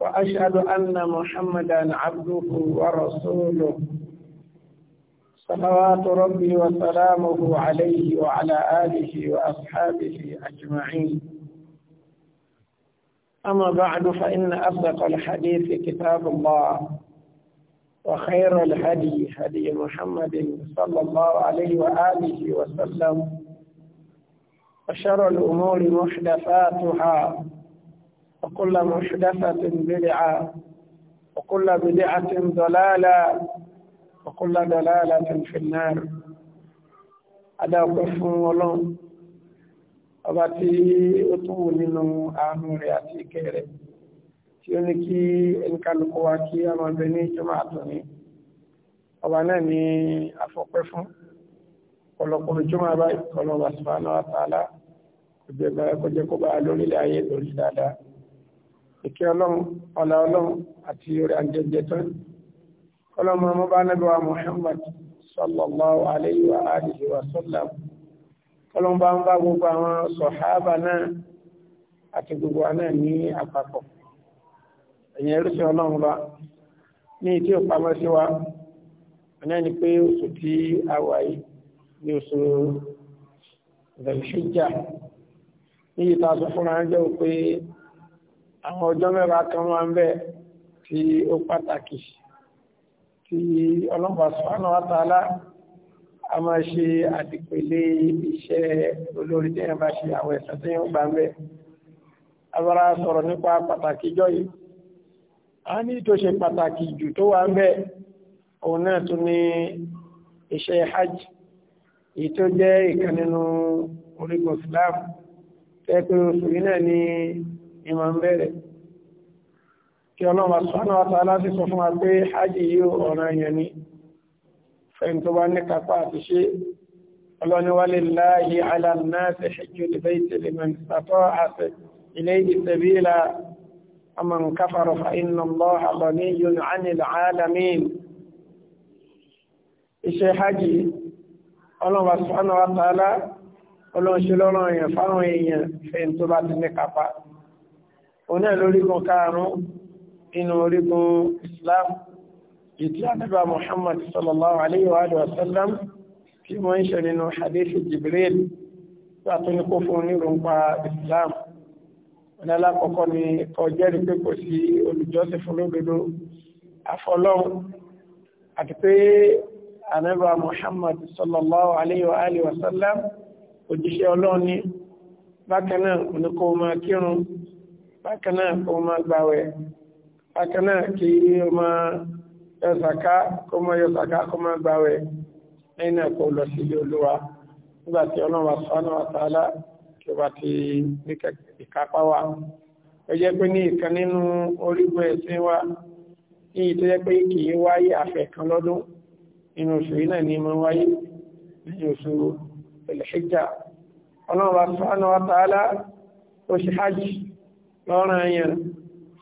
وأشهد أن محمدا عبده ورسوله صلوات ربي وسلامه عليه وعلى آله وأصحابه أجمعين أما بعد فإن أصدق الحديث كتاب الله وخير الهدي هدي محمد صلى الله عليه وآله وسلم وشر الأمور محدثاتها وكل محدثة بدعة وكل بدعة ضلالة وكل ضلالة في النار أدا وقف ولون ọba tí ó tún wò nínú àánú rẹ̀ àti ìkẹ́ rẹ̀ tí ó ní kí ẹnikálukú wa kí a máa bẹ ní ìjọba àtúní ọba náà ní afọpẹ́ fún ọ̀pọ̀lọpọ̀ ìjọba báyìí kọlọba sùpánà àtàlà kò jẹ kó bá lórílẹ̀ ayé lórí dáadáa ìkẹ́ ọlọ́run ọlá ọlọ́run àti orí àjẹjẹ tán ọlọ́run ọmọ bá nẹ́bẹ̀ wa Muhammad sallallahu alayhi wa alihi wa sallam ọlọ́run bá ń bá gbogbo àwọn sọ̀hábà náà àti gbogbo wa náà ní àpapọ̀ ẹ̀yìn ẹrúsẹ ọlọ́run bá ní ìdí òpamọ́ sí wa ọ̀nà ni pé oṣù tí a wà yìí ní oṣù Dhul-Hijjah ní ìta sọ fúnra jẹ́ pé àwọn ọjọ́ mẹ́wàá kan máa ń bẹ tí ó pàtàkì tí ọlọ́pàá sọ́nà àtàlá a máa ṣe àdìpẹ̀lẹ̀ iṣẹ́ olórí tí wọ́n bá ṣe àwọn ẹ̀sán tí wọ́n gbà ń bẹ abara sọ̀rọ̀ nípa pàtàkì jọ yìí a ní tó ṣe pàtàkì jù tó wà ń bẹ òun náà tún ní iṣẹ́ hajj èyí tó jẹ́ ìkan nínú orígun tẹ́ pé oṣù yìí náà ní ìmọ̀ ń bẹ̀rẹ̀ kí ọlọ́run sọ́nà ọ̀tà aláti sọ fún wa pé hajj yóò ọ̀ràn yẹn ni fẹ́yìn tó bá ní kápá àti ṣe ومن كفر فإن الله غني عن العالمين iṣẹ́ hajji ọlọ́wà sọ́nà wa tààlá ọlọ́ṣẹ́lọ́rọ̀ èèyàn fáwọn èèyàn fẹ́ tó bá ti ní kápá oní ẹ̀lórígun karùn-ún inú orígun Islam ìtí ànábì Muhammad sallallahu alayhi wa sallam tí wọ́n ń ṣe nínú hadithi Jibril tó ní kó fún nírùnpa Islam oní alákọ̀ọ́kọ́ ni kọjẹ́rì pé kò sí olùjọ́sìn fún lódodo afọlọ́run àti pé ànábì Muhammad sallallahu alayhi wa sallam òjíṣẹ́ ọlọ́run ní bákan náà kírun bákan náà kó máa gbàwẹ̀ bákan náà kí ó máa yọ sàká kó máa yọ sàká kó máa gbàwẹ̀ lẹ́yìn náà kó lọ sí ilé olúwa nígbà tí ọlọ́run àṣánà àtàlá kí ó bá ti ní ìkápá wa ó jẹ́ pé ní ìkan nínú orígun ẹ̀sìn wa ní ìtọ́jẹ́ pé kì í wáyé àfẹ̀kan lọ́dún nínú oṣù yìí náà ni mo wáyé lẹ́yìn oṣù Al-Hijja ọlọ́run àṣánà àtàlá ó ṣe hajj lọ́rọ̀ yẹn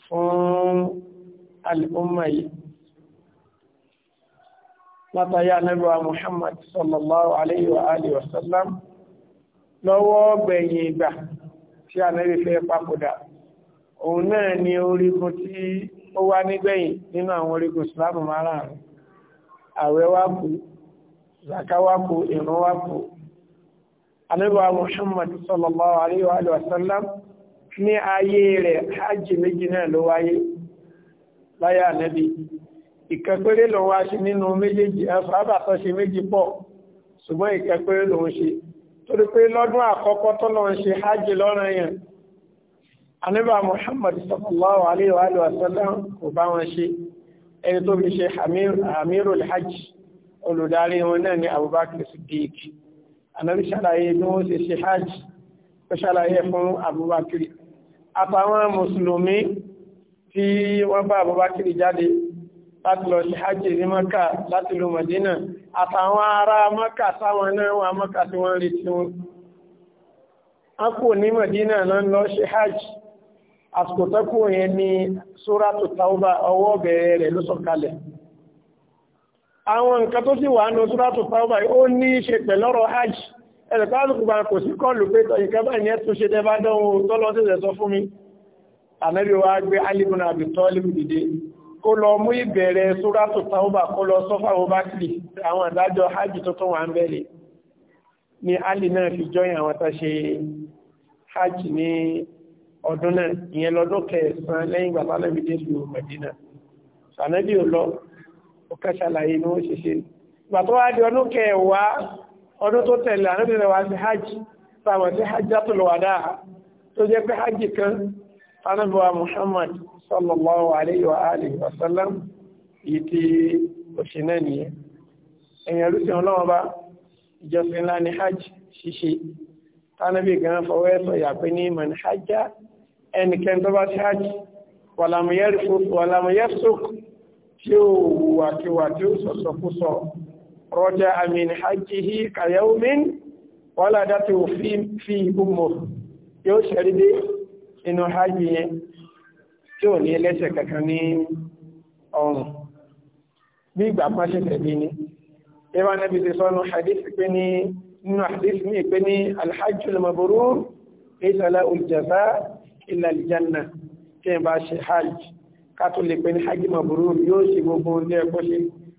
fún al'umma yìí látàrí anábíwa Muhammad sallallahu alayhi wa alihi wa sallam lọ́wọ́ gbẹ̀yìn ìgbà tí anábí fẹ́ papòdà òun náà ni orígun tí ó wá nígbẹ̀yìn nínú àwọn orígun Islam márùn-ún àwẹ̀ ní ayé rẹ̀ hajj méjì náà ló wáyé láyé ànábì ìkẹ́pẹ́rẹ́ ló wá sí nínú méjèèjì ẹ̀fàábà tó ṣe méjì pọ̀ ṣùgbọ́n ìkẹ́pẹ́rẹ́ ló ń ṣe torí pé lọ́dún àkọ́kọ́ tó lọ ń ṣe hajj lọ́rọ̀ yẹn ànábà Muhammad sallallahu alayhi wa sallam kò bá wọn ṣe ẹni tó fi ṣe amirul hajj olùdarí wọn náà ni Abubakar Siddiq ṣàlàyé bí wọ́n ṣe ṣe hajj ó ṣàlàyé fún Abubakar àtàwọn mùsùlùmí tí wọ́n bá Abubakar jáde láti lọ sí hajji ní Maka láti lọ Madina àtàwọn ará Maka sáwọn náà wà Maka tí wọ́n rí tí wọ́n a kò ní Madina náà lọ sí hajji àsìkò yẹn ni Suratu Tauba ọwọ́ bẹ̀rẹ̀ rẹ̀ ló sọ̀kalẹ̀ àwọn nǹkan tó sì wà nù Suratu Tauba ó ní í ṣe pẹ̀lọ́rọ̀ hajji ẹ̀rẹ̀kọ́ alùkùgbà kò sí kọlù pé ìkẹ́bà ní ẹ̀tún ṣe tẹ́bá dánwò tọ́lọ́ sí ẹ̀sọ fún mi àmẹ́bí wa gbé alìbùn àbì tọ́lìbù dìde kó lọ mú ìbẹ̀rẹ̀ sóràtò tàwọ́bà kó lọ sọ́fà obákìlì àwọn ìdájọ́ hajj tó tún wà bẹ̀rẹ̀ ni alì náà fi jọyìn àwọn tá ṣe hajj ní ọdún náà ìyẹn lọ́dún kẹsàn-án lẹ́yìn gbàtà lẹ́bi ọdún tó tẹ̀lé àrẹ́bìnrin wa sí hajj sáwọn sí hajjatul wada tó jẹ́ pé hajj kan anábíwa muhammad sallallahu alayhi wa alihi wa sallam yìí ti òṣìnà nìyẹn èèyàn rúṣin ọlọ́wọ́n bá ìjọsìn ńlá ní hajj ṣíṣe tánàbí gan fọwọ́ ẹ̀sọ̀ yàpé ní man hajjá ẹnikẹ́ni tó bá ti hajj wàlàmùyẹ́rìfò wàlàmùyẹ́sùk tí ó wùwà tí ó sọ̀sọ̀ sọ̀rọ̀ رجع من حجه كيوم ولدته في في أمه yóò ṣẹ̀rí dé inú hajj yẹn tí ò ní ẹlẹ́sẹ̀ kankan ní ọrùn bí ìgbà kan ṣe tẹ̀lé ni ẹwà nàbí ti sọ́nu hadith pé ní nínú hadith ní pé ní alhajjul mabrur laysa lahu bá ṣe hajj ká pé ní hajj mabrur yóò ṣe gbogbo ní ṣe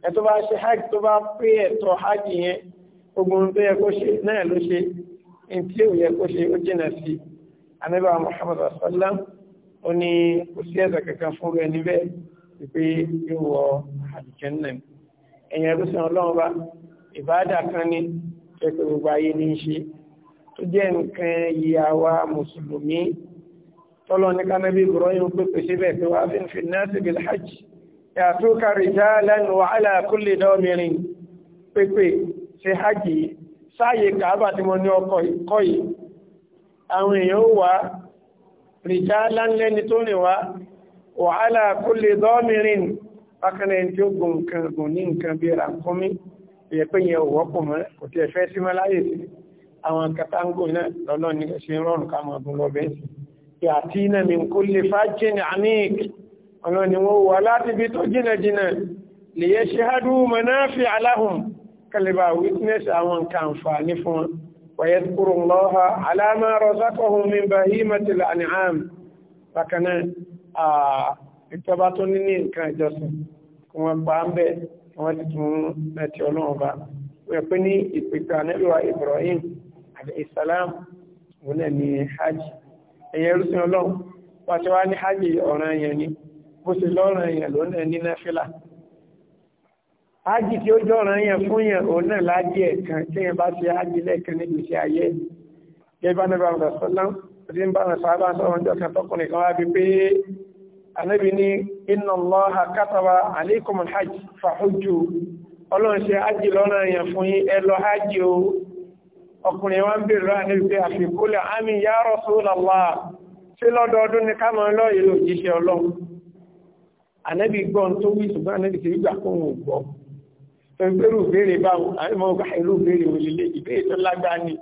ẹ tó bá ṣe hajj tó bá pé ẹ̀tọ́ hajj yẹn ogun tó yẹ kó ṣe náà ló ṣe ní tí ò yẹ kó ṣe ó jìnà sí anábà muhammad sallam ó ní kò sí ẹ̀sẹ̀ kankan fún rẹ níbẹ̀ wípé yóò wọ àlùjànnà ẹ̀yìn ẹ̀rú sàn ọlọ́run bá ìbáàdà kan ní ẹ̀kọ́ gbogbo ayé ní í ṣe tó jẹ́ nǹkan ìyá wa mùsùlùmí tọ́lọ́ ní kánábí ìbúrọ́yìn pépè síbẹ̀ pé wàá fi ń fi náà síbi hajj yàtúkà rìjálẹ̀ wà aláàkúlẹ̀ dọ́mìnrin pépè ṣe hajj sáàyè kàábà tí mo ní ọkọ̀ ìkọ́ yìí àwọn èèyàn ó wá rìjálẹ̀ lẹ́ni tó rìn wá wà aláàkúlẹ̀ dọ́mìnrin bákanẹ̀ tí ó gùn nǹkan gùn ní nǹkan bí ra kúnmí ìyẹ̀pẹ̀ yẹn ò wọ́pọ̀ mọ́ kò tí ẹ fẹ́ sí mọ́ sí àwọn katango náà lọ́lọ́ ní ṣe rọrùn ká máa gùn lọ bẹ́ẹ̀ sí àti iná mi kò lè fájẹ́ ní àníkì ọlọ́run ni wọ́n wà láti bí tó jìnà jìnà lè yẹ ṣe hádú manáfi aláhùn kalibà witness àwọn kàǹfààní fún wọn wàyẹ kúrò lọ́ha alámà rọ̀sákọ̀hún mi bá hímàtì àníhàm bákanná ìjọba tó ní wọ́n gbà ń bẹ́ wọ́n ọlọ́run bá ní ìpèkà ọ̀ràn yẹn ni bó ṣe lọ́rùn èèyàn ló náà ní náfílà ájì tí ó jọ́ràn èèyàn fún èèyàn òun náà lájì ẹ̀kan tí èèyàn bá ṣe ájì lẹ́ẹ̀kan níbi iṣẹ́ ayé gẹ́gẹ́ bá nípa ọ̀dọ̀ sọ́lá tí ń bá wọn sábà sọ̀rọ̀ ọjọ́ kan tọkùnrin kan wá bí pé anábì ní inna Allaha kataba alaykum alhajj fahujju ọlọ́run ṣe ájì lọ́rùn èèyàn fún yín ẹ lọ ájì o ànábì gbọ́n tó wí ṣùgbọ́n ànábì kìí gbà kó wọn gbọ́ pẹ̀lú ìbéèrè báwọn àìmọ́ ọgbà ìlú ìbéèrè òlìlé ìbéèrè tó lágbàá ni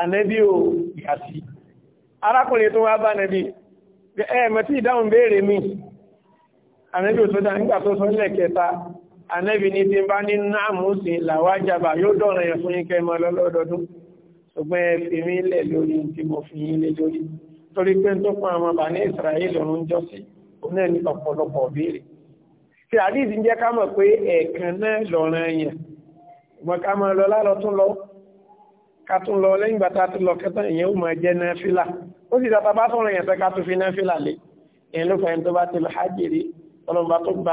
ànábì ò yà sí arákùnrin tó wá bá ànábì ẹ̀ẹ̀mọ̀ tí ìdáhùn béèrè mi ànábì ò tó dá nígbà tó sọ nílẹ̀ kẹta ànábì ní ti bá ní náàmù sí làwájàbà yóò dọ̀rọ̀ yẹn fún yínkẹ́ mọ́ lọ́lọ́dọọdún ṣùgbọ́n ẹ fi mí lẹ̀ lórí tí mo fi yín lé lórí torí pé tó pọn àwọn bà ní Ísírẹ́lì ọ̀run jọ́sìn náà ní ọ̀pọ̀lọpọ̀ béèrè tí àdíìsì ń jẹ́ ká mọ̀ pé ẹ̀ẹ̀kan náà lọ́rọ̀ èèyàn ìmọ̀ ká mọ̀ lọ lálọ tún lọ ká tún lọ lẹ́yìn bàtà tún lọ kẹta èèyàn ó máa jẹ́ náà fílà ó sì dáta bá sọ̀rọ̀ èèyàn tẹ́ ká tún fi náà fílà lé èèyàn ló fẹ́yìn tó bá ti lọ hájèrè ọlọ́mọba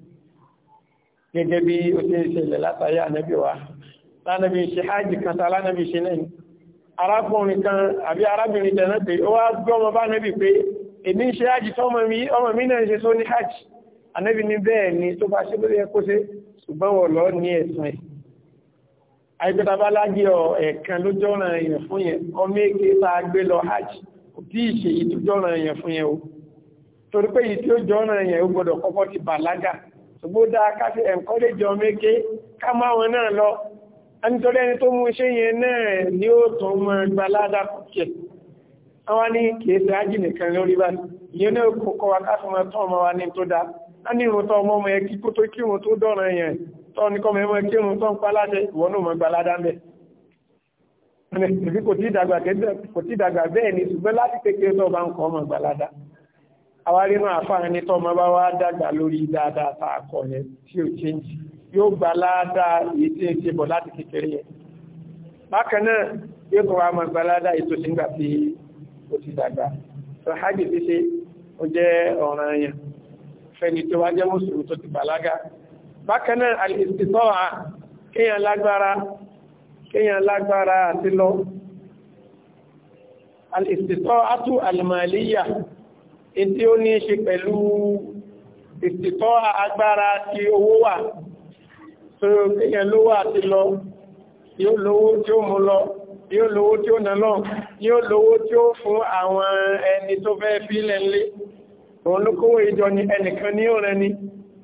gẹ́gẹ́ bí ó ti ṣẹlẹ̀ látàrí ànábì wa lánàbí ṣe hajj kan tá lánàbí ṣe náà arákùnrin kan àbí arábìnrin tẹ̀nà pé ó wá gbọ́mọ bá nábì pé èmi ń ṣe hajj tó ọmọ mi náà ṣe tó ní hajj ànábì ní bẹ́ẹ̀ ni tó bá ṣe lórí ẹkọ́ ṣe ṣùgbọ́n wọ̀ lọ ní ẹ̀sán ẹ̀ àìpẹta bá lágbé ọ ẹ̀kan ló jọ́ra èèyàn fún yẹn ọmọ èké tá a gbé ṣùgbọ́n dáa ká fi ẹ̀kọ́lẹ́jọ méke ká máa wọn náà lọ nítorí ẹni tó mú iṣẹ́ yẹn náà ni ó tún mọ́ gba ládá kùkẹ̀ wọ́n ní kìí ṣe ájì nìkan lórí bá ìyẹn náà kọ́kọ́ wa ká fi mọ́ tán ọmọ wa ní tó dáa á ní ìrùn tán ọmọ ọmọ yẹn kí kó tó kírun tó dọ̀rọ̀ yẹn tán ní kọ́mọ ẹmọ kírun tán pa láṣẹ ìwọ náà mọ́ gba ládá bẹ́ẹ̀ ni ṣùgbọ́n láti kékeré tó bá ń kọ́ ọmọ gba ládá àwárí náà àfáà ní tọ́ ma bá wá dàgbà lórí dáadáa tá a kọ̀ yẹn tí ò chéńjì yóò gbà láadáa èyí tí ń ṣe bọ̀ láti kékeré yẹn bákan náà yóò kọ́ wa máa gbà láadáa ètò tí ń gbà ó ti dàgbà sọ hajj ti ṣe ó jẹ́ ọ̀ràn yẹn fẹ́ni tó ìdí ó ní ṣe pẹ̀lú ìsìtọ́ agbára tí owó wà tó èèyàn lówó àti lọ yóò lówó tí ó mú lọ yóò lówó tí ó nà lọ yóò lówó tí ó fún àwọn ẹni tó fẹ́ fílẹ̀ nlé òun ló kówó ìjọ ni ẹnìkan ní òun ẹni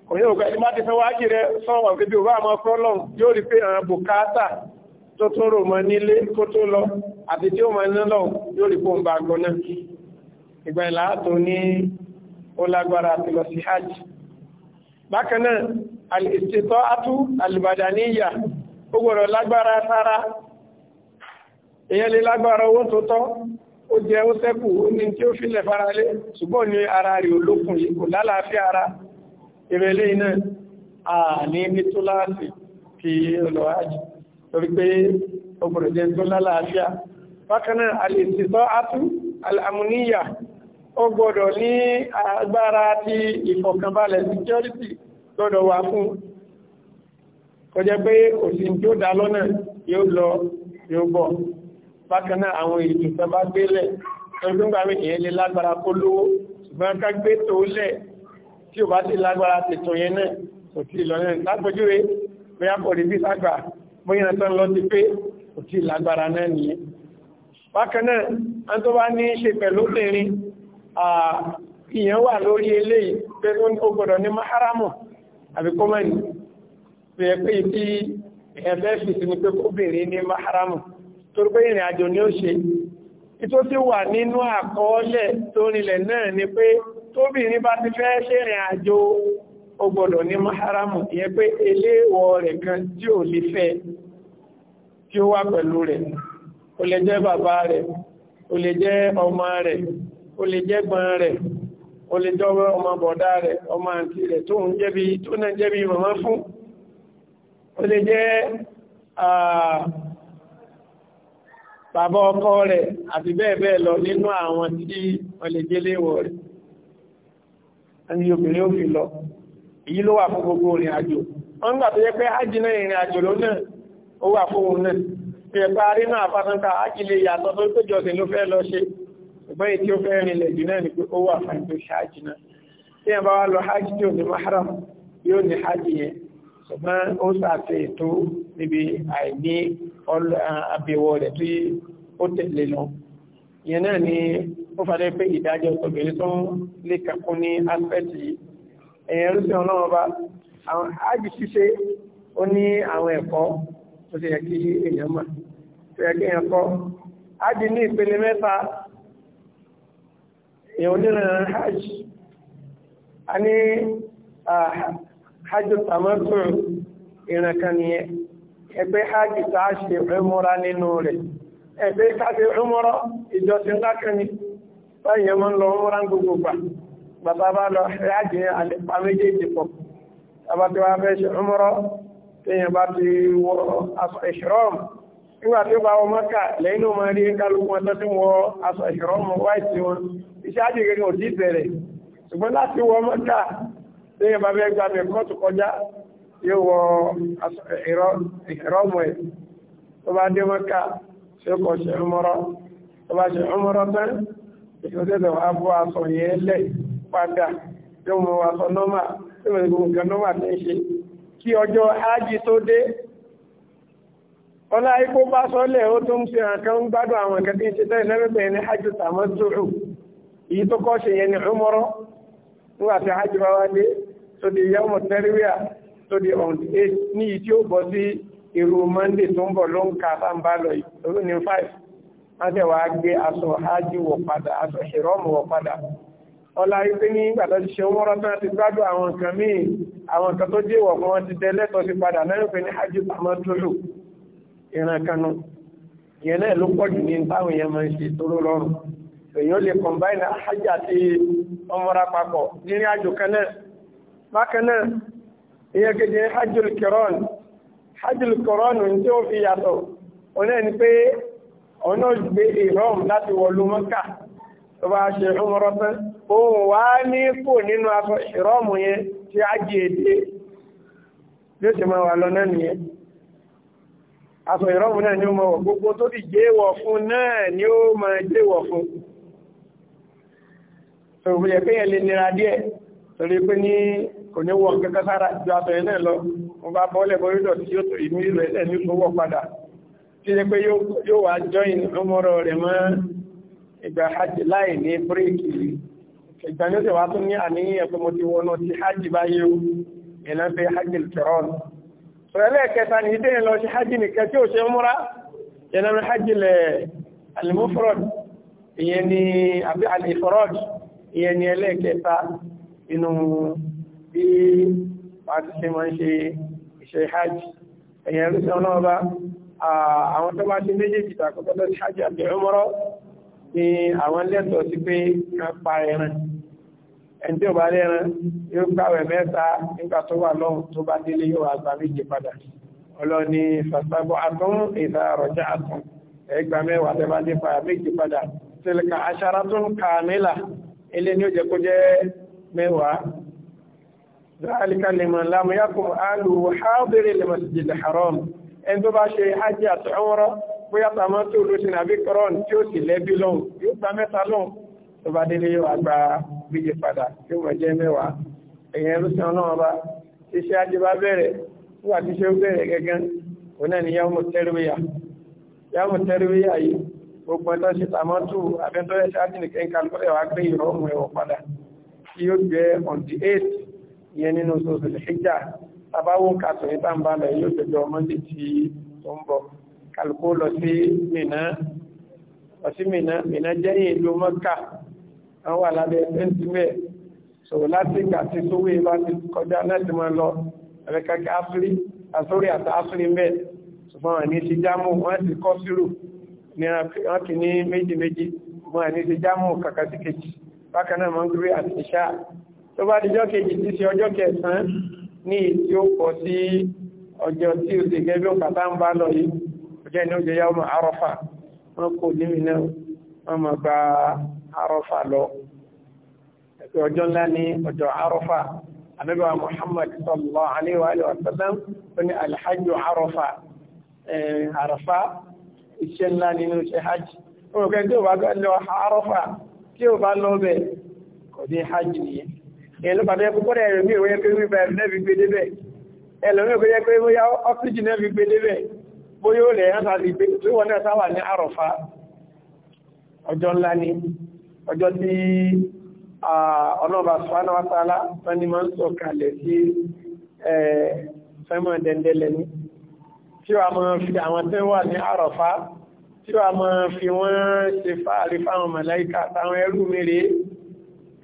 òyìn ẹni má ti fẹ́ wájì ìgbà ìlà tó ní ó lágbára àti lọ sí hajj bákan náà alìsètò atú alìbàdàníyà ó gbọ́dọ̀ lágbára sára èyàn lè lágbára owó tó tọ́ ó jẹ ó sẹ́kù ní tí ó fílẹ̀ faralé ṣùgbọ́n ní ara rí olókun yìí kò lálàáfíà ara ìrẹ̀lẹ̀ iná àní ní tó láàáfì kí ọlọ́wájì torí pé ó gbọ́dọ̀ tó lálàáfíà bákan náà alìsètò alàmúníyà ó gbọ́dọ̀ ní agbára ti ìfọ̀kànbalẹ̀ security gbọ́dọ̀ wà fún kọjá pé òsì tó dá lọ́nà yóò lọ yóò bọ̀ bákan náà àwọn ètò tó bá gbélẹ̀ ọdúngbà mi èyàn lè lágbára kó lówó ṣùgbọ́n ká gbé tó lẹ̀ tí ò bá ti lágbára tètò yẹn náà kò tí lọ náà lágbójúwe bí lágbà bóyá ìyẹn wà lórí eléyìí pé ó ní maharamu àbí kọ́mọ̀nì pé pé ibi ẹ̀fẹ́ fi sí ni pé kóbìnrin ní maharamu torí pé ìrìn àjò ni ó ṣe ìtó ti wà nínú àkọọ́lẹ̀ tó rinlẹ̀ náà ni pé tóbìnrin bá ti fẹ́ ṣèrìn àjò ó ní maharamu ìyẹn pé eléwọ̀ rẹ̀ kan tí ò lè fẹ́ tí ó wà pẹ̀lú ó lè jẹ́ gbọ́n rẹ̀ ó lè jọ́wọ́ ọmọ bọ̀dá rẹ̀ ọmọ àǹtí rẹ̀ tó ń jẹ́bi tó náà jẹ́bi màmá fún ó lè jẹ́ bàbá ọkọ rẹ̀ àti bẹ́ẹ̀ bẹ́ẹ̀ lọ nínú àwọn tí wọ́n lè jẹ́ léwọ̀ rẹ̀ ẹni obìnrin ó fi lọ èyí ló wà fún gbogbo ìrìn àjò wọ́n gbà tó jẹ́ pé ájínà ìrìn àjò ló náà ó wà fún òun náà pẹ̀lú àrínà àfásánkà ájìlè yàtọ̀ tó tó jọ́sìn ló fẹ́ lọ ṣe ṣùgbọ́n èyí tí ó fẹ́ rinlẹ̀ jù náà ni pé ó wà fún ìpè hajj náà tí a bá wá lọ hajj tí ò ní mahram yóò ní hajj yẹn ṣùgbọ́n ó ṣàṣe ètò níbi àìní àbẹ̀wò rẹ̀ tí ó tẹ̀lé lọ ìyẹn náà ni ó fàdé pé ìdájọ́ obìnrin tó ń lè kàkún ní aspect yìí ẹ̀yẹn rúṣẹ́ ọlọ́run bá àwọn hajj ṣíṣe ó ní àwọn ẹ̀kọ́ tó ṣe yẹ kí èèyàn mọ̀ tó yẹ kí èèyàn kọ́ hajj ní ìpele mẹ́ta èyàn oníran hajj a ní hajj tamatun ìran kan hajji ta a ṣe umura nínú ebe ẹgbẹ́ káṣe umura ìjọsìn ńlá kan ní báyìí umura ba bàbá bá lọ hajj àlepa méjèèjì pọ̀ bàbá tí wàá fẹ́ ṣe bá ti wọ aṣọ ìṣòrọ́mù nígbà tí ó bá wọ mọ́kà lẹ́yìn máa ti wọ aṣọ wáìtì wọn iṣẹ́ àdìgẹ́ ní òdí ìbẹ̀rẹ̀ ṣùgbọ́n láti wọ mọ́ta lẹ́yìn bàbá ẹgbà mi kọ́ọ̀tù kọjá yóò wọ ìrọ́mù ẹ̀ tó bá dé mọ́ta ṣe kọ́ ṣe ọmọrọ́ tó bá ṣe ọmọrọ́ tán ìṣòṣèlè wà bọ́ aṣọ yẹn lẹ̀ padà yóò mọ aṣọ nọ́mà tó bẹ̀rẹ̀ gbogbo nǹkan nọ́mà tó ń ṣe kí ọjọ́ ájì tó dé ọlá ikú bá sọ́lẹ̀ ó tó ń ṣe àkàn gbádùn àwọn kẹ́kẹ́ ń ṣe ní hajj tàmọ́tòrò èyí tó kọ́ ṣe yẹn ní ọmọrọ́ nígbàtí hajj bá wá dé tó di yawmu tarwiya tó di on the eight ní yìí tí ó bọ́ sí irú monday tó ń bọ̀ ló ń ka sáǹbà lọ yìí lórí ní five wọ́n tẹ̀ wá gbé aṣọ hajj wọ̀ padà aṣọ ìrọ́mù wọ̀ padà ọlá èyàn lè kọmbáìnì àhájì àti ọmọra papọ̀ nírìn àjò kanáà bákanáà ìyẹn gẹ́gẹ́ hajjul kiran hajjul kiran tí ó fi yàtọ̀ ọ̀nà ni pé ọ̀nà gbé ìrọ̀m láti wọlú mọ́kà tó bá ṣe ọmọrọ pẹ́ ohun wá ní kò nínú aṣọ ìrọ̀mù yẹn tí a jì èdè bí ṣe máa wà lọ náà nìyẹn aṣọ ìrọ̀mù náà ni ó máa wọ̀ gbogbo tó ti jẹ́wọ̀ fún náà ni ó máa jẹ́wọ̀ fún òun yẹ kéèyàn lè nira díẹ̀ torí pé ní kò ní wọ nǹkan kására ju aṣọ yẹn náà lọ mo bá bọ́ọ̀lẹ̀ bọ́ yóò tí yóò tó ìmú ìlú ẹ̀sẹ̀ ní owó padà tí ṣe pé yóò wá jọyìn ọmọrọ rẹ̀ mọ́ ìgbà hajj láì ní bíríkì ìgbà ní ó sì wá tún ní àníyàn pé mo ti wọnú ti hajj báyé o ìlà ń pe hajj kẹrọ́ọ̀nù sọ̀rọ̀ ẹlẹ́ẹ̀kẹta ní ìdẹ́yìn lọ sí hajj nìkan tí ò ṣe múra ìlànà hajj lẹ̀ alimufrod ìyẹn ni àbí alifrod ìyẹn ni ẹlẹ́ẹ̀kẹta inú bí wọ́n ti ṣe máa ń ṣe ìṣe hajj ẹ̀yìn ẹlẹ́sẹ̀ ọlọ́wọ́ bá àwọn tó bá ṣe méjèèjì tàkọ́tọ́ sí hajj àti ni àwọn lẹ́tọ̀ọ́ sí pé kan pa ẹran ẹni tí ò bá lẹ́ran yóò gbàwẹ̀ mẹ́ta nígbà tó wà lọ́hùn tó bá délé yóò wá gbà méje padà ọlọ́ni fàṣàbọ̀ àtún ìta àrọ̀já àtún ẹgbàá tilka asharatun kamila ilé ní ó jẹ́ kó jẹ́ mẹ́wàá zaalika liman lam yakun aluhu hadiri limasjid haram ẹni tó bá ṣe hajj àti umra bóyá tàmá tó ló ṣe nàbí kọ́rọ̀n tí ó sì lẹ́bí lọ́hùn yóò gba mẹ́ta lọ́hùn tó bá délé yóò àgbà gbígbé padà yóò gbogbo ẹ̀tọ́ ṣe tàmọ́tò abẹ́ntọ́ ẹ̀ṣẹ́ àtìní kẹ́ńkàlùkọ́ ẹ̀wà gbé ìrọ̀mù ẹ̀wọ̀ padà tí yóò gbé on the 8th yẹn nínú sọ́sọ̀ ìjà tàbáwò kàtọ̀ ìta ń balẹ̀ yóò gbẹ̀jọ mọ́ndé tí ó ń bọ̀ kàlùkọ́ lọ sí Mínà lọ sí Mínà Mínà jẹ́yìn ìlú Mọ́kà wọ́n wà lábẹ́ sẹ́ńtìmẹ̀ sọ̀rọ̀ láti ìgbà tí sówó ìbá ti kọjá náà ti máa lọ ẹ̀rẹ́kẹ́kẹ́ àsórí àti áfírí mẹ́ ṣùgbọ́n àní ti jámù wọ́n ti kọ́ sírù ní wọ́n ti ní méjì méjì mọ́ ẹni ti jámù kàkà sí kejì bákan náà mọ́gírí àti ìṣá tó bá dijọ́ kejì tí ṣe ọjọ́ kẹsàn-án ní tí ó pọ̀ sí ọjọ́ tí ó ti gẹ́gẹ́ òkàtà ń bá lọ yìí ọjọ́ ìní oúnjẹ yàwó àrọ́fà wọ́n kò ní ọjọ́ Muhammad sallallahu alaihi wa sallam ó ní alhajju iṣẹ́ ńlá nínú iṣẹ́ hajj orùkẹ́ tí ó bá gbá lọ àárọ́fà tí ó bá lọ bẹ̀ kò dé hajj nìyẹn èyí ló pàtẹ́ púpọ̀ ẹ̀rọ mi ìwé pé wíwá ẹ̀rọ náà fi gbé débẹ̀ ẹlòmí ò yẹ pé bóyá ọ́fíjì náà fi gbé débẹ̀ bóyá ní àrọ̀fà ọjọ́ ńlá fẹ́mọ̀ dẹ̀ndẹ̀lẹ̀ ni tí wà mọ́ fi àwọn tẹ́ wà ní àrọ̀fá tí wà mọ́ fi wọ́n ṣe fáàrí fáwọn màláíkà táwọn ẹrù mẹ́rẹ̀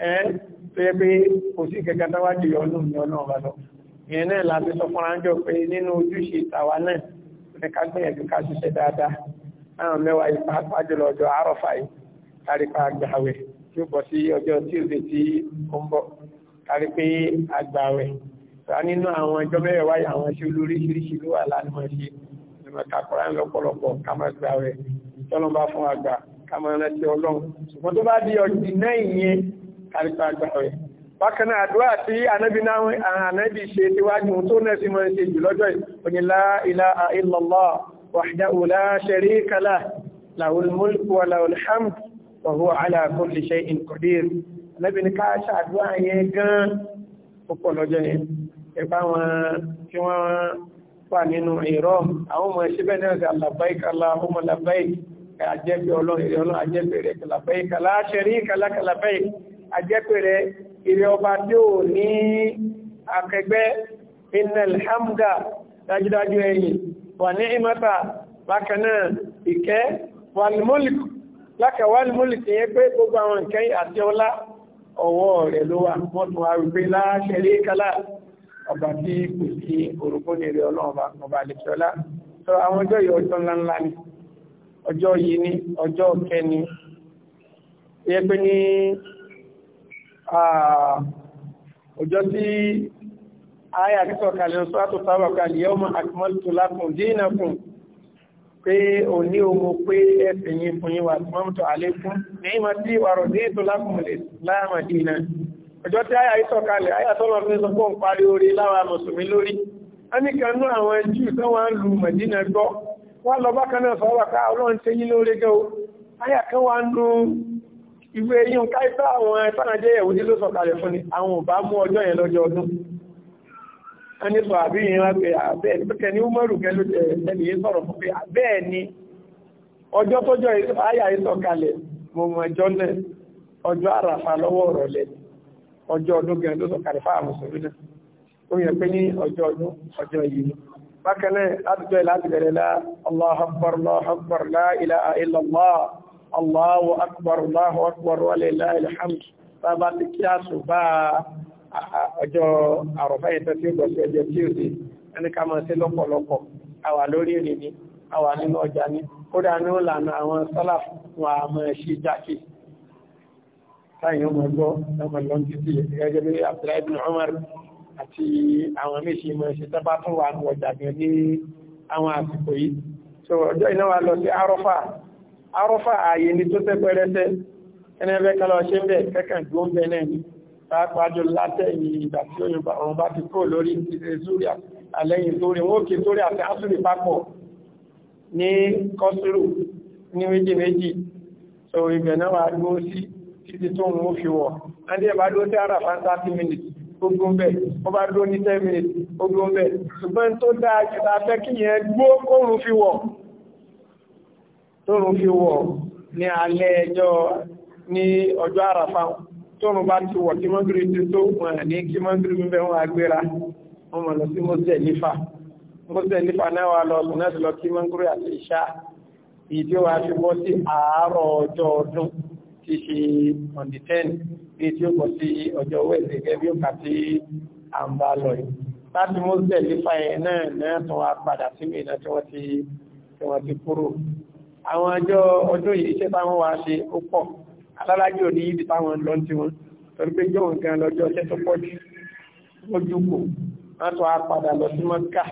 ẹ́ tó yẹ pé kò sí kẹkẹ tọ́wájú yọnú yọnú ọ̀bá lọ ìyẹn náà láti sọ fún ránjọ pé nínú ojúṣe ìtawà náà ní ká gbìyànjú ká ṣiṣẹ́ dáadáa láwọn mẹ́wàá yìí ta nínú àwọn ẹjọ́ mẹ́rẹ̀ wáyé àwọn iṣẹ́ olóríṣiríṣi ló wà lánàá ṣe ìmọ̀ kakura lọ́pọ̀lọpọ̀ ká máa gbà rẹ̀ ìtọ́lọ́mbà fún àgbà ká máa rántí ọlọ́run ṣùgbọ́n tó bá di ọ̀dì náà ìyẹn kárípa àgbà rẹ̀ bákan náà ká ṣàdúrà yẹn gan-an ó pọ̀ lọ́jọ́ yẹn ẹ̀bá wọn tí wọ́n wà nínú ìrọ́ àwọn ọmọ ẹṣẹ́ bẹ́ẹ̀ náà labbaik Allahumma labbaik àjẹ́pẹ̀ ọlọ́run ìrẹ́ ọlọ́run àjẹ́pẹ̀ rẹ̀ labbaik la sharika laka labbaik àjẹ́pẹ̀ rẹ̀ ìrẹ́ ọba tí ò ní akẹgbẹ́ innal hamda dájúdájú ẹ̀yìn wà ní ìmọ́ta bákan náà ìkẹ́ wal mulk láka wal mulk yẹn pé gbogbo àwọn ìkẹ́ àti ọlá ọwọ́ rẹ̀ ló wà mọ́tò àrùgbé la sharika ọba tí kò sí orogún ní rẹ̀ ọlọ́ọ̀ba ọba àlẹ́kíọ́lá sọ àwọn ọjọ́ yìí ọjọ́ ńláńlá ni ọjọ́ yìí ni ọjọ́ kẹni yẹ pé ní ọjọ́ tí ayé àtìkọ̀ kalẹ̀ ń sọ́tò sábà kalẹ̀ yẹ́ ọmọ àtìmọ́lùtò lákùn dínà kùn pé òní omo pé ẹ̀sìn yìí fún yín wà àtìmọ́lùtò àlékún ní ìmọ̀ tí wàrọ̀ dínà tó lákùn lè láàmà dínà ọjọ́ tí àyà ìsọ̀kalẹ̀ àyà tọ́lọ̀ ní sọpọ̀ ń parí orí lára mùsùlùmí lórí a ní kanú àwọn jù tó wọ́n ń lu mẹ̀dínà gbọ́ wọ́n lọ bá kanáà sọ́wọ́ ká ah, ọlọ́run tẹ́ yí lórí gẹ́ o àyà kan wá ń lu ìwé yíò káìsá àwọn ìfànàjẹ́ ẹ̀wùdí ló sọ̀kalẹ̀ fún ni àwọn ò bá mú ọjọ́ yẹn lọ́jọ́ ọdún a ní sọ àbí ah, ah, ọjọ́ àràfà lọ́wọ́ ọ̀rọ̀ lẹ́nu ọjọ́ ọdún gẹ̀ẹ́ ló sọ̀kàlẹ̀ fáwọn mùsùlùmí náà ó yẹ pé ní ọjọ́ ọdún ọjọ́ yìí ni bákanáà látijọ́ láti bẹ̀rẹ̀ lá Allahu akbar Allahu akbar la ilaha illallah Allahu akbar Allahu akbar wa lillahil hamd bàbá ti kí a sùn bá ọjọ́ àrọ̀fá yẹn tẹ́tí ọjọ́ sí ọjọ́ tí ó sì ẹni ká máa ṣe lọ́pọ̀lọpọ̀ àwà lórí ìrìn àwà nínú ọjà ni kódà ní ó lànà àwọn sálàfù wọn àmọ́ ṣe jákèjì táyìn ọmọ gbọ́ lọ́mọ lọ títí gẹ́gẹ́ bí Abdullahi bin Umar àti àwọn méjì mọ̀ ṣe tábà fún wa àwọn ọjà gan ní àwọn àsìkò yìí so ọjọ́ iná wa lọ sí arọ́fà arọ́fà ààyè ni tó tẹ́ pẹ́rẹ́tẹ́ ẹni ẹgbẹ́ kan ṣe ń bẹ̀ kẹ́kàn tó ń bẹ náà ni pàápàá jù látẹ̀yìn ìgbà tí òun bá ti kó lórí ìrẹsúrí àlẹ́yìn tó rí wọ́n kí tó rí so ìgbẹ̀ náà wà títí tó ń fi wọ̀ adé bá dúró sí àràfà thirty minutes ogun bẹ́ẹ̀ ó bá dúró ní ten minutes ogun bẹ́ẹ̀ ṣùgbọ́n tó dáa jù ta fẹ́ kí yẹn gbó kóòrùn fi wọ̀ tóòrùn fi wọ̀ ní alẹ́ ẹjọ́ ní ọjọ́ àràfà tóòrùn bá ti wọ̀ kí mọ́gírí ti tó wọn ní kí mọ́gírí mi bẹ́ẹ̀ wọn agbéra wọn mọ̀ lọ sí mọ́sẹ̀ nífà mọ́sẹ̀ nífà náà wà lọ sùn náà ti lọ kí mọ́gírí àti ìṣá ìdí wa fi bọ́ sí àárọ̀ ọjọ́ ọdún tí ṣe on the ten bí tí ó kọ sí ọjọ́ wẹ̀sẹ̀ gẹ́gẹ́ bí ó kà sí àǹbá lọ yìí láti Muzdalifa yẹn náà náà tó wá padà sí Mínà tí wọ́n ti tí wọ́n ti kúrò àwọn ọjọ́ ọjọ́ yìí iṣẹ́ táwọn wá ṣe ó pọ̀ alárájì ò ní ibi táwọn lọ tí wọn torí pé jọ nǹkan lọ́jọ́ iṣẹ́ tó pọ̀ jù lójú kò wọ́n tó wá padà lọ sí Mọ́kà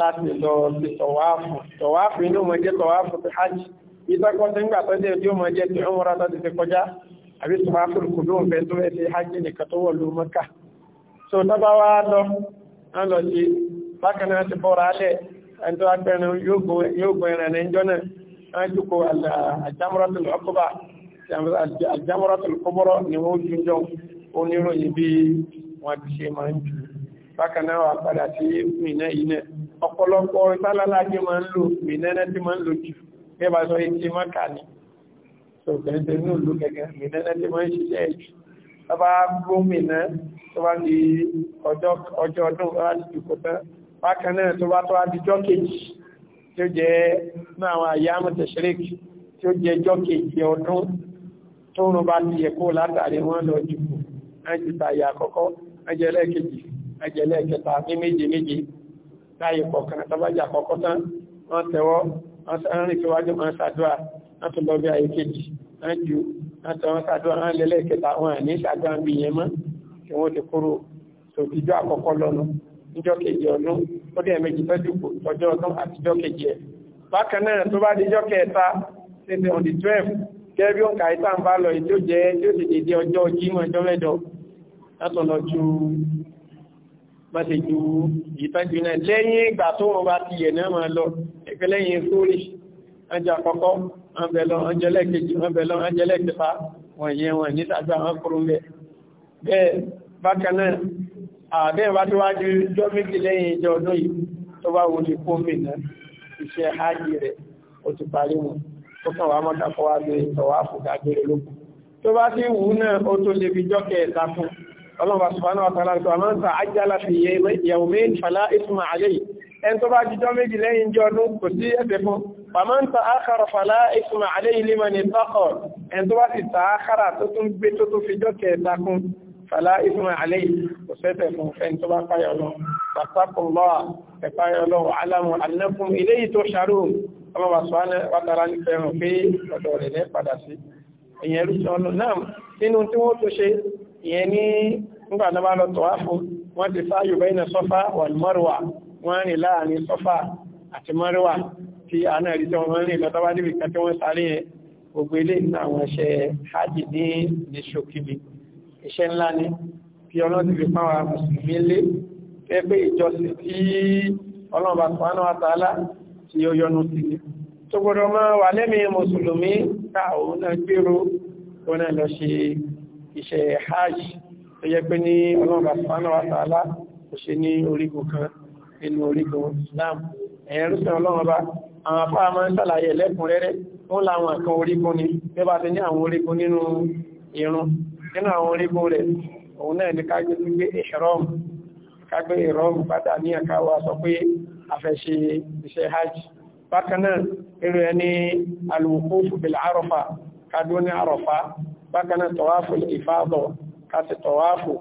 láti lọ sí tọ̀wáàfù tọ̀wáàfù inú mọ̀ jẹ́ tọ̀wáàfù ti hajj ìtọ́kọ́sí ńgbà tó jẹ́ yóò máa jẹ́ ti ọmọra tó ti fi kọjá àbí sùmáfùrù kù ló tó ẹsẹ̀ hajj nìkan tó wọ̀ ló mọ́kà so tọ́ba wa lọ wọ́n lọ sí bákan náà ti bọ́ra alẹ́ ẹni tó agbẹ́rin yóò gbọ́ ẹran ní jọ́nà wọ́n ni wọ́n jù jọ oníròyìn bí wọ́n ti ṣe máa ń jù bákan náà wà padà sí mìíràn yìí náà ọ̀pọ̀lọpọ̀ ń lò mìíràn tí máa ń lò jù bí ẹ bá sọ etí mọ́kà ni tó kẹ́lẹ́ tó inú ìlú gẹ́gẹ́ mìíràn tí wọ́n ń ṣiṣẹ́ jù tó bá gómìnà tó bá di ọjọ́ ọdún tó bá di ìdìbò tán bákan náà tó bá tó bá di jọ́kejì tí ó jẹ́ ní àwọn àyà mọ̀tẹ̀ṣẹ́rẹ́kì tí ó jẹ́ jọ́kejì ọdún tó rún bá ti yẹ kó látàrí wọn lọ dìbò ẹjì tàyà àkọ́kọ́ ẹjẹ lẹ́ẹ̀kejì ẹjẹ lẹ́ẹ̀kẹta ní méje méje láyé kọ̀ọ̀kan tó bá jà àkọ́kọ́ tán wọ́n tẹ́wọ́ rìn tí wájú máa ṣàdúrà láti lọ bí ayé kejì wọ́n ju láti wọ́n ṣàdúrà wọ́n lẹ́lẹ́ ìkẹta wọn ní ṣàdúrà bí yẹn mọ́ kí wọ́n ti kúrò tó ìjọ àkọ́kọ́ lọ́nu níjọ́ kejì ọdún ó dẹ̀ méjì tọ́jú kò tọ́jọ́ ọdún àtijọ́ kejì ẹ̀ bákan náà tó bá dijọ́ kẹta ṣẹṣẹ on the twelve má ṣe ju ìtọ́jú náà lẹ́yìn ìgbà tó wọ́n bá ti yẹ̀ náà máa lọ ẹgbẹ́ lẹ́yìn sórí ọjà àkọ́kọ́ ọ̀bẹ̀lọ ọjọ́lẹ́kejì ọ̀bẹ̀lọ ọjọ́lẹ́kẹfà wọ̀nyẹn wọn ní tàbí àwọn kúrúnlẹ̀ bẹ́ẹ̀ bákan náà àbẹ́ẹ̀ bá tó wá ju jọ méjì lẹ́yìn ìjọ ọdún yìí tó bá wo ti kó mìíràn iṣẹ́ hajj ọlọ́run subhanahu wa ta'ala tó àmọ́ ń ta ajala fi yawmin fala isma alayhi ẹn tó bá jíjọ́ méjì lẹ́yìn jọ ọdún kò sí ẹ̀ṣẹ̀ fún pàmọ́ ń ta akhara fala isma alayhi liman ittaqa ẹn tó bá sì ta akhara tó tún gbé tó tún fi jọ kẹta kún fala isma alayhi kò sẹ́ṣẹ̀ fún ẹn tó bá fáyọ̀ lọ pàtàkùnlọ́ ẹ̀fáyọ̀ lọ alamu annakum ilayhi tusharun ọlọ́run subhanahu wa ta'ala ní fẹ́ràn pé ọ̀dọ̀ rẹ̀ lẹ́ padà sí ìyẹn rúṣọ́ náà nínú tí wọ́n tó ṣe ìyẹn ní nígbà tó bá lọ tọ́wáfù wọ́n ti sáyò bẹ́ẹ̀ na sọ́fà wà mọ́rùwà wọ́n rìn láàrin sọ́fà àti mọ́rùwà tí a náà rí tí wọ́n rìn lọ́tọ́ bá níbi kan tí wọ́n sáré yẹn gbogbo ilé àwọn iṣẹ́ hajj ní ní iṣẹ́ ńlá ni bí ọlọ́run ti fi fáwọn mùsùlùmí lé fẹ́ pé ìjọsìn tí ọlọ́run bá sọ ánà àtàlá tí ó yọnu sí ni iṣẹ́ hajj tó yẹ pé ní ọlọ́ọ̀bà fánà wa tààlá kò ṣe ní orígun kan nínú orígun Islam ẹ̀yẹn rúfẹ́ ọlọ́ọ̀bà àwọn afá máa ń sàlàyé lẹ́kùnrẹ́rẹ́ wọ́n láwọn kan orígun ni bí bá ti ní àwọn orígun nínú irun nínú àwọn hajj bákan náà irú ẹni bil Àrọ́fà kádó ní bákaná tọwáfù ìfàbọ̀ káti tọwáfù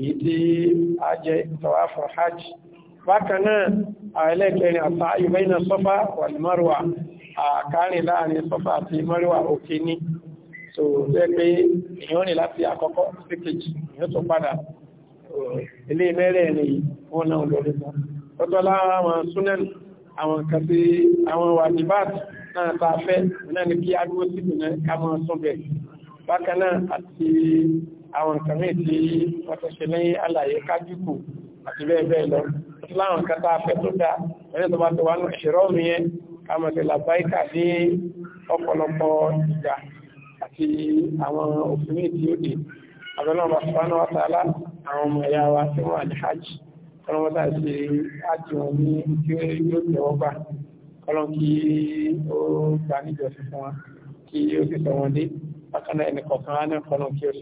èyí tí a jẹ tọwáfù hajj bákaná àìlẹ́kẹrin àtàyù bẹ́ẹ̀nà sọ́fà wà ní marwa àkárin láàrin sọ́fà àti marwa òkè ní so jẹ́ pé èyàn ní láti àkọ́kọ́ sí kejì tó padà ni wọ́n náà lórí mọ́ tọ́tọ́lá àwọn súnẹ́nì àwọn kan sí àwọn wàdìbáàtì náà ta fẹ́ náà ni kí agbó bákanáà àti àwọn nǹkan mí tí wọ́n tó ṣe ní àlàyé kájúkù àti bẹ́ẹ̀ bẹ́ẹ̀ lọ láwọn nǹkan tá a fẹ́ tó dá ẹni tó bá ti wá ní ìṣòro mi yẹn ká mọ̀ ní ọ̀pọ̀lọpọ̀ ìgbà àti àwọn òfin mí tí ó dé wa tí wọ́n wà ní hajj ọlọ́mọdá ṣe hajj wọn ní tí yóò tẹ̀wọ́ gbà kí ó sì sọ wọn dé akana ene ko kaane kono kiyo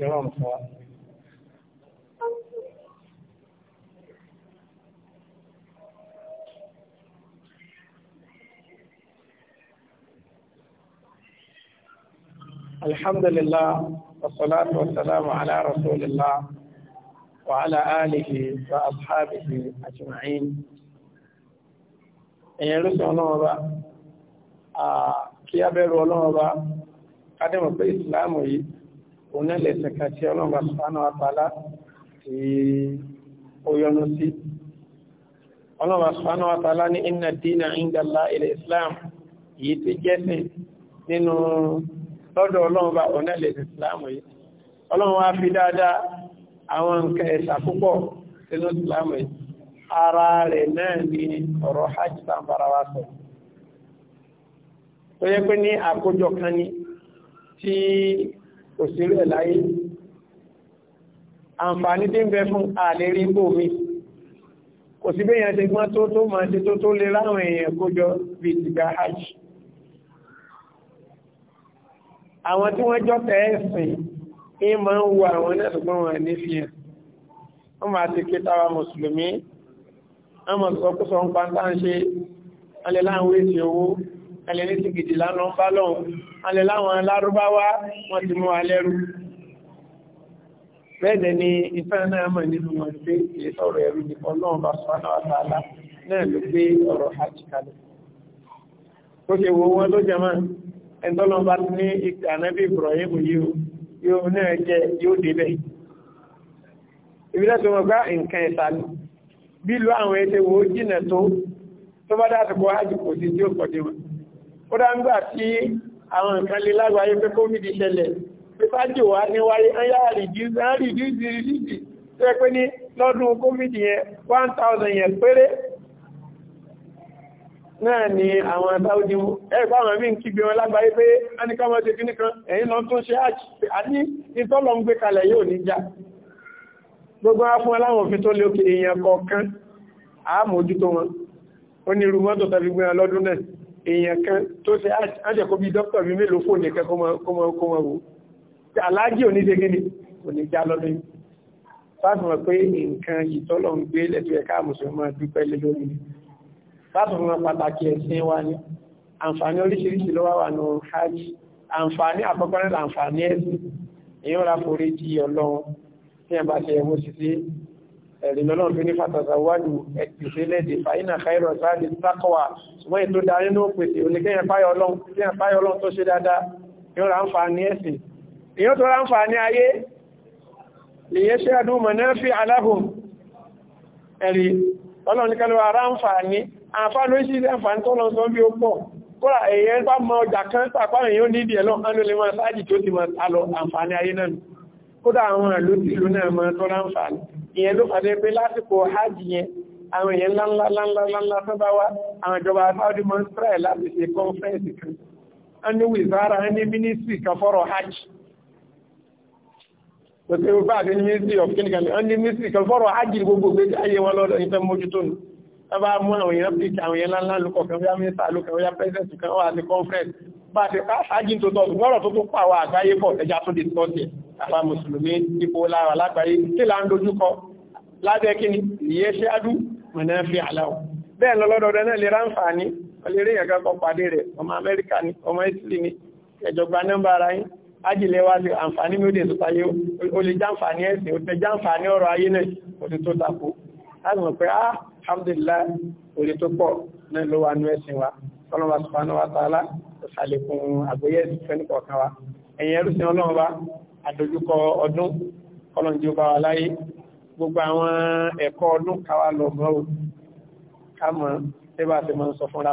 الحمد لله والصلاة والسلام على رسول الله وعلى آله وأصحابه أجمعين يا رسول الله آه، كي أبير kádẹ́mọ̀ pé ìsìláàmù yìí òun náà lẹ̀sẹ̀ kan tí ọlọ́mọba sùpánà àtàlá tí ó yọ́nú sí ọlọ́mọba sùpánà àtàlá ní inna dina inda Allah ilẹ̀ islam yìí tí jẹ́sìn nínú lọ́dọ̀ ọlọ́mọba òun náà lẹ̀sẹ̀ ìsìláàmù yìí ọlọ́mọba fi dáadáa àwọn nǹkan ẹ̀sà púpọ̀ sínú ìsìláàmù yìí ara rẹ̀ náà ní ọ̀rọ̀ hajj tàǹbàrà wa sọ tó yẹ pé ní àkójọ kan ní tí òṣèré ẹ̀ láyé àǹfààní tí ń bẹ fún àlérí gbò mi kò sí bẹ́yàn ti gbọ́n tó tó máa ti tó tó lè láwọn èèyàn kójọ bí ìgbà hajj àwọn tí wọ́n jọ tẹ́ẹ̀sìn ní ma ń wo àwọn ẹlẹ́sùgbọ́n wọn ní wọ́n máa ti ké táwa mùsùlùmí wọ́n máa sọ ń pa ń tá ń ṣe alẹ́ láwọn owó ẹlẹ́ni ti gidi lánà ń bá lọ́hun alẹ́ láwọn alárúbáwá wọ́n ti mú alẹ́rú bẹ́ẹ̀dẹ̀ ni ìfẹ́ náà mọ̀ nínú wọn pé ilé sọ̀rọ̀ ẹ̀rú ní ọlọ́run bá sọ náà tààlà náà ló gbé ọ̀rọ̀ hajj kalẹ̀ ṣe wo wọn ló jẹmọ́ ẹ̀ńtọ́lọ́n bá ti ní ànábì Ibrahim yìí yóò náà jẹ yóò débẹ̀ ìbílẹ̀ tó mọ̀ gbá nǹkan ẹ̀ta ni bí ìlú àwọn ẹ̀ṣẹ̀ wo jìnà tó tó bá dá àtùkọ hajj kò sí tí ó pọ̀ dé wọn ó dá ń gbà tí àwọn nǹkan lè lágbàáyé pé covid ṣẹlẹ̀ pé fájì wá ní wáyé ayára rìdíùsì rìdíùsì tó yẹ pé ní lọ́dún covid ni àwọn àtàwòdí ẹgbà àwọn mí ń kígbe wọn lágbàáyé pé a ní káwọn ti kíní kan ẹ̀yìn lọ tún ṣe àti àní ìtọ́lọ ń gbé kalẹ̀ yóò ní já gbogbo wá èèyàn kan tó ṣe ájẹ̀kọ́ bí dókítà mi mélòó fò nìkan kó mọ́ wò aláàjì ò ní ṣe gíní kò ní já lọ́dún yìí fásitì pé nǹkan ìtọ́lọ̀ ń gbé lẹ́tọ̀ ẹ̀ká mùsùlùmí dúpẹ́ lé lórí ni fásitì wọn pàtàkì ẹ̀sìn wa ni àǹfààní oríṣiríṣi ló wà wà ní ẹ̀rìn lọ́nà tó ní fàtàtàwádù ìṣẹ́lẹ̀dì fàínà káìrọ̀ sáàdì tákọwà ṣùgbọ́n ètò darí ní òpèsè oníkẹ́yàn fáyọ̀ ọlọ́run tó ṣe dáadáa yóò ra ń fa ní ẹ̀sìn èyàn tó ra ń fa ní ayé lèyẹ́ ṣe àdún mọ̀ náà fi aláhùn ẹ̀rì ọlọ́nikẹ́lẹ̀ ara ń fa ní àǹfààní ó sì àǹfààní tó lọ́n sọ́n bí ó pọ̀ kóra èyẹ́ bá mọ ọjà kan pàpá èyàn níbi ẹ̀ lọ́n ánú lè máa tó ti mọ̀ àlọ́ àǹfààní ayé náà kódà àwọn ìlú náà mọ̀ tó ra ìyẹn ló fàdé pé lásìkò hajj yẹn àwọn èèyàn ńláńláńláńlá tó bá wá àwọn ìjọba Saudi mọ́ Israel láti ṣe kọ́nfẹ́ǹsì kan wọ́n ní wìzára wọ́n ní mínísírì kan fọ́rọ̀ hajj kò sí wípé àti ministry of clinical wọ́n ní ministry kan fọ́rọ̀ hajj gbogbo gbé ayé wọn lọ́dọ̀ ìfẹ́ mójútó ni wọ́n bá mú àwọn èèyàn píkì àwọn èèyàn ńláńlá lukọ̀ kan bá ti ká ṣáájí tó tọ́ ṣùgbọ́rọ̀ tó tó pàwà àgbáyé pọ̀ ẹja tó dìtọ́sì àwọn mùsùlùmí ipò lára lágbàáyé kí là ń dojúkọ lábẹ́ kí ni ìyẹ́ ṣe adú mọ̀nà fi àláwọ̀ bẹ́ẹ̀ lọ́lọ́dọ̀dọ̀ náà lè ráǹfààní ọlẹ́rẹ́ ìyẹ̀gá kan pàdé rẹ̀ ọmọ amẹ́ríkà ni ọmọ italy ni ẹ̀jọ̀gba nọ́mbà ara yín ajílẹ̀ wá sí àǹfààní méjì tó tayé ó lè jáǹfààní ẹ̀sìn ó tẹ jáǹfààní ọ̀rọ̀ ayé náà ó ti tó tako láti mọ̀ pé ah alhamdulillah ó lè tó pọ̀ náà ló wà nú ẹ̀sìn wa ọlọ́wà sùpánà wa tààlà tó ṣàlékún àgbóyè fẹ́ni kọ̀ọ̀kan wa ẹ̀yìn ẹrú sí ọlọ́run wa àdójúkọ ọdún ọlọ́run tí ó bá wa láyé gbogbo àwọn ẹ̀kọ́ ọdún káwa lọ mọ́ o ká mọ̀ bí bá ti máa ń sọ fúnra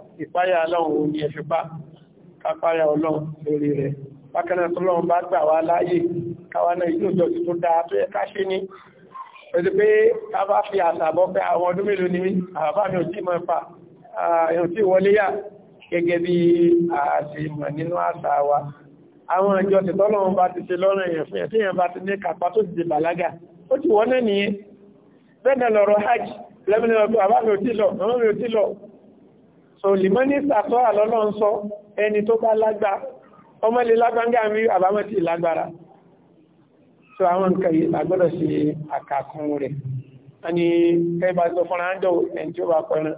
ìpáyà ọlọ́run ní ẹ̀fipá kápáyà ọlọ́run lórí rẹ̀ bákanáà tó lọ́run bá gbà wá láyé káwa náà ìlú ìjọ tó dáa tó yẹ ká ṣe ní pẹ̀lú pé ká bá fi àtàbọ̀ pé àwọn ọdún mélòó ni mí pa èèyàn tí wọlé yà gẹ́gẹ́ bí a ṣe mọ̀ nínú àṣà wa àwọn ìjọ tí tọ́lọ́run bá ti ṣe lọ́rùn èèyàn fún ẹ̀ tí èèyàn bá ti ní kápá ò tí lọ àwọn mi ò tí lọ so limani sàtọ́ àlọ́lọ́ ń sọ ẹni tó bá lágbá ọmọ lè lágbáńgá mi àbámọ́ ti lágbára so àwọn nǹkan yìí agbọ́dọ̀ sí àkàkùn rẹ̀ ẹni ẹbà sọ fọ́nà ájọ́ ẹni tí ó bá pẹ̀rẹ̀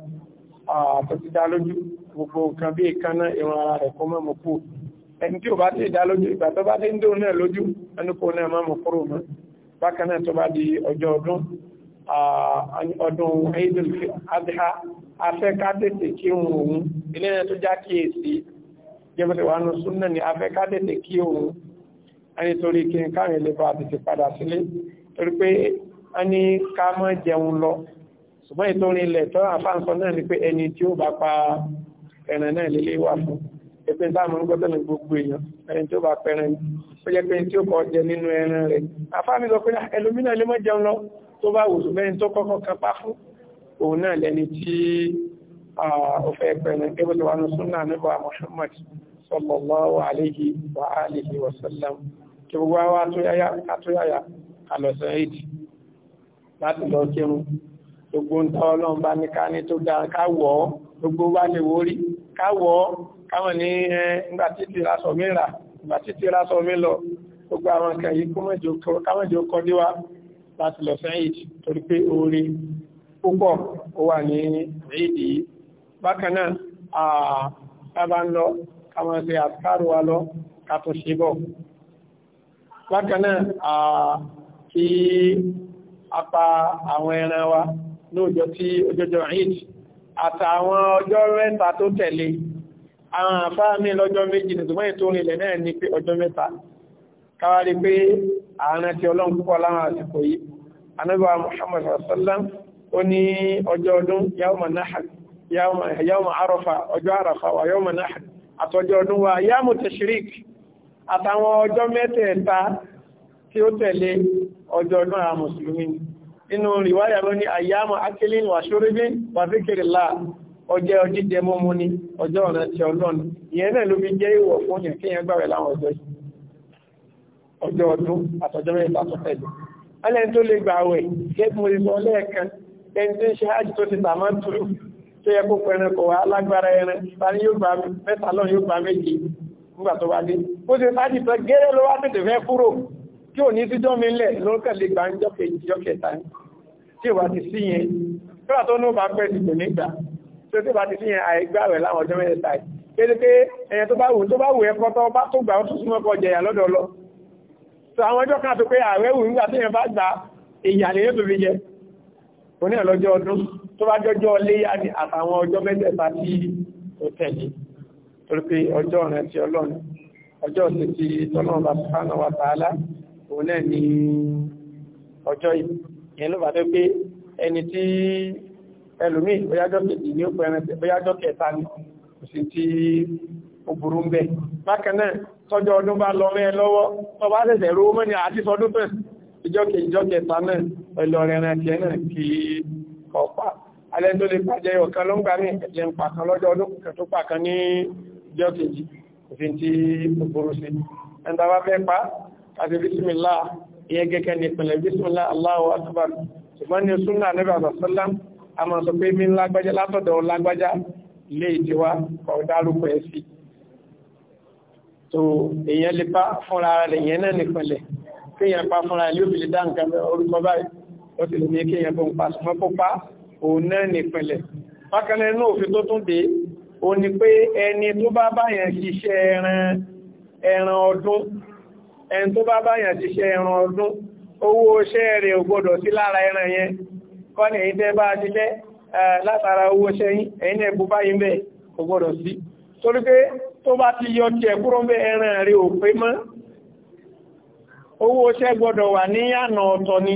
àtọ́ ti dá lójú gbogbo nǹkan bí ìkaná ìran ara rẹ̀ kó mọ́mọ́ kú ẹni tí ó bá ti dá lójú ìgbà tó bá ti ń dóun náà lójú ẹni kó náà mọ́mọ́ kúrò mọ́ bákan tó bá di ọjọ́ ọdún ọdún Eid al-Adha afẹ́ká tètè kí òun ilé ẹ̀ tó já kíyèsí jẹ́mọ̀tẹ̀ wà nù súnnà ní afẹ́ká tètè kí òun ẹni torí kí n káàrin lè bá tètè padà sílé torí pé a ní ká mọ́ jẹun lọ ṣùgbọ́n ìtorí ilẹ̀ tó àfáǹsọ náà ni pé ẹni tí ó bá pa ẹ̀rẹ̀ náà lélé wà fún ẹgbẹ́ táàmù ń gbọ́dọ̀ ní gbogbo èèyàn ẹni tí ó bá pẹ̀rẹ̀ ó jẹ́ pé tí ó kọ́ jẹ nínú ẹran rẹ̀ àfáàmì sọ pé ah, ẹlòmínà lè mọ́ jẹun lọ tó bá wùsùn mẹ́rin tó kọ́kọ́ kan pa fún òun náà lẹni tí ó fẹ́ pẹ̀lú gẹ́gẹ́ súnà nípa Muhammad sallallahu alayhi wa alihi wa kí gbogbo awa atúyàyà alọ̀sẹ̀ èdè láti lọ kírun gbogbo ń tọ́ ọlọ́run bá ní ká ní tó gbogbo bá lè wórí káwọ̀ káwọn ní gbogbo àwọn kó mẹ́jọ láti lọ sẹ́yìn torí pé púpọ̀ ó wà ní ìdí bákan náà àbá ń lọ ká máa ṣe àtàrò wa lọ ká ṣe bọ̀ bákan náà kí apá àwọn ẹran wa lóòjọ́ tí ojọ́jọ́ ìdí àtàwọn ọjọ́ mẹ́ta tó tẹ̀lé àwọn àfáà ní lọ́jọ́ méjì nìtùmọ́ ètò orílẹ̀ náà ní pé ọjọ́ mẹ́ta káwàrí pé àárín ti ọlọ́run púpọ̀ láwọn àsìkò yìí anábíwá Muhammad sallam ó ní ọjọ́ ọdún yawma nahar yawma arafa ọjọ́ arafa wa yawma nahar àtọjọ́ ọdún wa yamu tashrik àtàwọn ọjọ́ mẹ́tẹ̀ẹ̀ta tí ó tẹ̀lé ọjọ́ ọdún àwọn mùsùlùmí nínú ríwáyà ló ní àyàmọ̀ akílín wà ṣórígbé wà fíkìrìlá ọjọ́ ọjíjẹ mọ́mú ní ọjọ́ ọ̀nà tí ọlọ́n ìyẹn náà ló fi jẹ́ ìwọ̀ fún yẹn ọdún àtọjọ́ mẹ́ta tó tẹ̀lé ẹlẹ́ni tó lè gbàwẹ̀ gẹ́gbùn ìsọ lẹ́ẹ̀kan ẹni tí ń ṣe hajj tó ti tàmá tùrù tó yẹ kó pẹ̀rẹ̀ kọ̀ wá alágbára ẹran tani yóò gba mẹ́ta lọ́n yóò gba méje nígbà tó bá dé bó ṣe hajj tó gẹ́rẹ́ ló wá tètè fẹ́ kúrò tí ò ní síjọ́ mi lẹ̀ lórúkẹ̀ lè gbà ń jọ́kẹ̀ jọ́kẹ̀ta tí ò bá ti sí yẹn nígbà tó ní ó bá pẹ́ ti tò nígbà tó tí ó bá ti sí yẹn àìgbà rẹ̀ láwọn ọjọ́ mẹ́ta yìí kéde ẹ̀yẹn tó bá wù tó bá wù ẹ̀kọ́ tó bá tó gbà ó tó súnmọ́ kọjẹ ìyà lọ́dọ̀ oní ọlọ́jọ́ ọdún tó bá jọjọ́ léyá ní àtàwọn ọjọ́ mẹ́tẹ̀ẹ̀ta tí ó tẹ̀lé torí pé ọjọ́ ọ̀rẹ́ ti ọlọ́run ọjọ́ ọ̀sẹ̀ ti tọ́lọ́run bá sánà wà tààlà òun náà ní ni kò sí tí ó burú ń bẹ bákan náà tọ́jọ́ ọdún bá lọ rẹ lọ́wọ́ tó bá ṣẹ̀ṣẹ̀ rówó mọ́ni àti sọdún tẹ̀ ìjọ kejì ìjọ pẹ̀lú ọ̀rẹ́rẹ́ ti ẹ̀ náà kí ọ̀pá alẹ́ tó lè pàjẹ́ ọ̀kan ló ń gbà ní ẹ̀jẹ̀ ń pa kan lọ́jọ́ ọdún kan tó pa kan ní ìjọ kejì òfin tí ó burú sí ẹ̀ńtà bá fẹ́ pa àti bísímìlá ìyẹn gẹ́gẹ́ ní ìpínlẹ̀ bísímìlá Allahu akbar ṣùgbọ́n ní súnà níbi àbàsọ́lá a máa sọ pé mi lágbájá látọ̀dọ̀ lágbájá ilé ìtiwá kọ̀ dárúkọ ẹ̀ sí tó èèyàn lè pa fúnra rẹ̀ ìyẹn náà nípìnlẹ̀ kéèyàn pa fúnra rẹ̀ yóò fi lè dá orúkọ báyìí ó ti ní kí yẹn fún pàṣùmọ́ pópá òun náà nìpínlẹ̀ bákanlẹ̀ inú òfin tó tún dé ó ní pé ẹni tó bá báyàn ṣiṣẹ́ ẹran ọdún ẹni tó bá báyàn ṣiṣẹ́ ẹran ọdún owó iṣẹ́ rẹ̀ ò gbọdọ̀ sí lára ẹran yẹn kọ́ ní èyí tẹ́ bá ṣiṣẹ́ látara owó iṣẹ́ yín ẹ̀yin náà bú báyìí bẹ́ẹ̀ kò sí torí pé tó bá ti yọ tiẹ̀ kúrò ń bẹ ẹran rẹ̀ ò mọ́ owó iṣẹ́ gbọdọ̀ wà ní ọ̀tọ̀ ni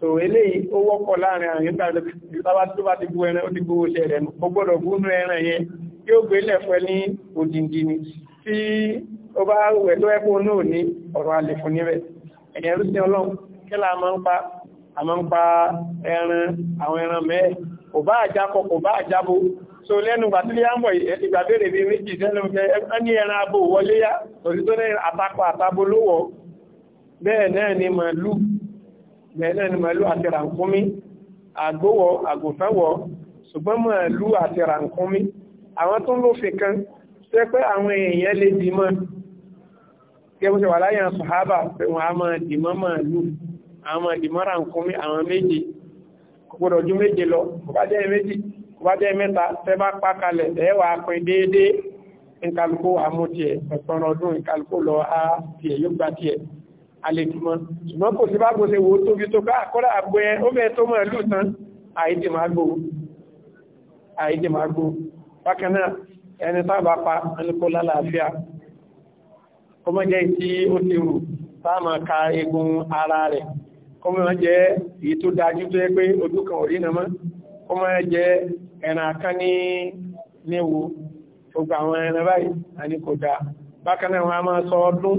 so eléyìí ó wọ́pọ̀ láàrin àrin tàbí tó bá ti bú ẹran ó ti gbówó ṣe rẹ̀ ó gbọ́dọ̀ gúnú ẹran yẹn yóò gbé lẹ́fẹ́ ní òdìndì ni tí ó bá wẹ̀ tó ẹkùn náà ní ọ̀rọ̀ alẹ̀ fún níbẹ̀ ẹ̀yẹn rú sí ọlọ́run kí là máa ń pa àmọ́ ń pa ẹran àwọn ẹran mẹ́ẹ̀ kò bá àjákọ kò bá àjábo so lẹ́nu ìgbà tí yá ń bọ̀ ìgbà béèrè bí méjì sẹ́nu ní ẹran abo wọlé yá òsì ní àtakọ àtabo lówọ̀ bẹ́ẹ̀ náà ni màálù bẹ̀ẹ̀lẹ́ ni màálù àti ràǹkúnmí àgbówọ̀ àgùnfẹ́wọ̀ ṣùgbọ́n màálù àti ràǹkúnmí àwọn tó ń lófin kan ṣe pé àwọn èèyàn lè dìímọ̀ gẹ́gẹ́ wà láyé àwọn sàhábà pé wọ́n á máa dìímọ̀ màálù àwọn máa dìímọ̀ ràǹkúnmí àwọn méje kò gbọdọ̀ ju méje lọ kò bá jẹ́ méjì kò bá ọdún nkálukó lọ àlejùmọ́ ṣùgbọ́n kò sí bá gbọ́ ṣe wo tóbi tó ká àkọ́lá àgbẹ́ ọmọ tó mọ̀ ẹ̀lú tán àìdè máa gbò àìdè máa gbò bákanáà ẹni tábà pa ẹnikọ́ lálàáfíà kọmọ jẹ́ tí ó ti rù táàmà ka egun ara rẹ̀ kọmọ jẹ́ èyí tó dájú tó yẹ pé ojú kan orí nàmọ́ kọmọ ẹ̀nà kan níwò gbogbo àwọn ẹ̀nà báyìí àníkò dáa bákanáà wọn a máa sọ ọdún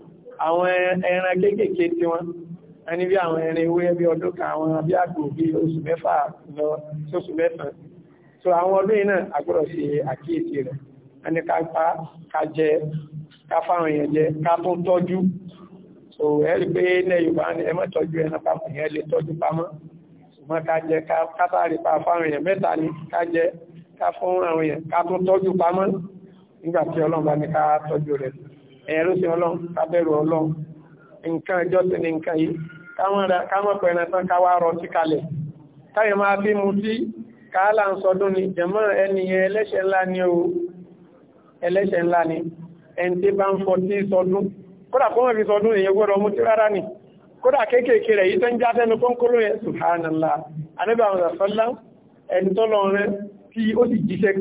àwọn ẹran kéékèèké tí wọ́n ẹni bí àwọn ẹran ewé bí ọdún kan àwọn bí àgbò bí oṣù mẹ́fà lọ sóṣù mẹ́sàn-án so àwọn ọdún yìí náà agbọ́dọ̀ ṣe àkíyèsí rẹ̀ ẹni ká pa ká jẹ ká fáwọn èèyàn jẹ ká tún tọ́jú so ẹ̀rí pé ilẹ̀ Yorùbá ni ẹ má tọ́jú ẹran papọ̀ yẹn lè tọ́jú pamọ́ ṣùgbọ́n ká jẹ ká sáré ni ká jẹ nígbà tí Ọlọ́run ní ká tọ́jú rẹ̀ ẹ̀rọ sí ọlọ́run kábẹ̀rù ọlọ́run nǹkan ẹjọ́ sí ni nǹkan yìí káwọn pẹ̀rẹ̀ tán káwà rọ sí kalẹ̀ táyẹ̀ máa fi mú sí káàlà ń sọdún ni jẹ̀mọ́ ẹniyàn ẹlẹ́ṣẹ̀ ńlá ni o ẹlẹ́ṣẹ̀ ńlá ni ẹni tí bá ń fọ sí sọdún kódà kó ni kódà kéékèèké rẹ̀ yìí tó ń já sẹ́nu kónkóró yẹn subhanallah anábì àwọn ọ̀sọ́lá ẹni tó lọ rẹ tí ó sì jíṣẹ́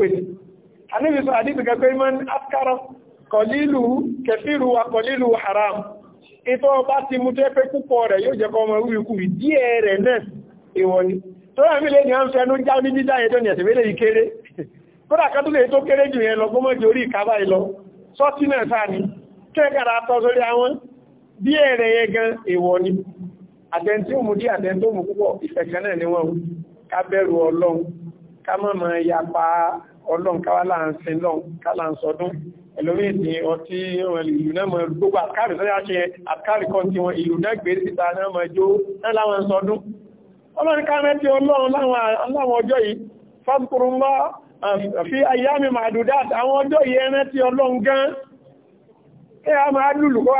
kọlílù kẹfìrù wa kọlílù haram ìtọ́ bá ti mú tẹ́ pé púpọ̀ rẹ̀ yóò jẹ́ kọ́ ọmọ wíwíkú díẹ̀ rẹ̀ náà ìwọ̀n ni tó rẹ̀ mílẹ̀ ni a ń ẹnu já ní dídá ẹjọ́ ni ẹ̀tẹ̀mẹ́lẹ̀ yìí kéré kódà kan tó lè tó kéré jù yẹn lọ gbọ́mọ́jì orí ìkábá ìlọ sọ́tí náà ni kẹ́kàrà tọ́ sórí àwọn díẹ̀ rẹ̀ yẹn ni àtẹ́ntí òmù dí àtẹ́ntí òmù ọlọ́run káwá láàrin lọ́run káláà ń sọdún ẹlòmí ìsìn ọtí ìlú náà mọ gbogbo àkárì sọ́yà ṣe àkárì kan tí wọn ìlú náà gbé síta náà mọ jó náà láwọn ń sọdún ọlọ́run káwá tí ọlọ́run láwọn ọjọ́ yìí fásitì mọ́ fi ayámi màdùdá àwọn ọjọ́ yìí ẹran tí ọlọ́run gan ẹ a máa lùlù kọ́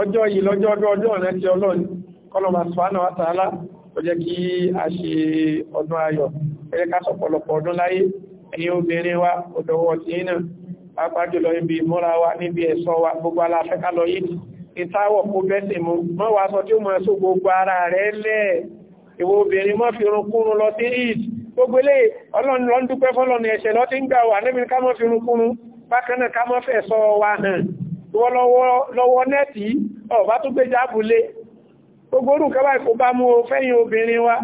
ọjọ́ yìí lọ́jọ́ ọdún ọ̀nà tí ọlọ́run kọlọ̀bà sọ́nà wátàálá ó jẹ́ kí a ṣe ọdún ayọ̀ ẹ̀rẹ́ ká sọ̀pọ̀lọpọ̀ ọdún láyé ẹ̀yin obìnrin wa ọ̀dọ̀wọ̀ tí náà pàápàá jùlọ ibi ìmúra wa níbi ẹ̀ṣọ́ wa gbogbo aláfẹ́ká lọ yìí ìtawọ̀ kó bẹ́sẹ̀ mú mọ́ wá sọ tí ó mọ́ ẹ̀sọ́ gbogbo ara rẹ̀ lẹ́ ìwọ obìnrin mọ́ wa hàn lọ́wọ́ nẹ́ẹ̀tì ọ̀bá tó gbé jábùlé gbogbo orú nǹkan báyìí kò bá mú o fẹ́yìn obìnrin wa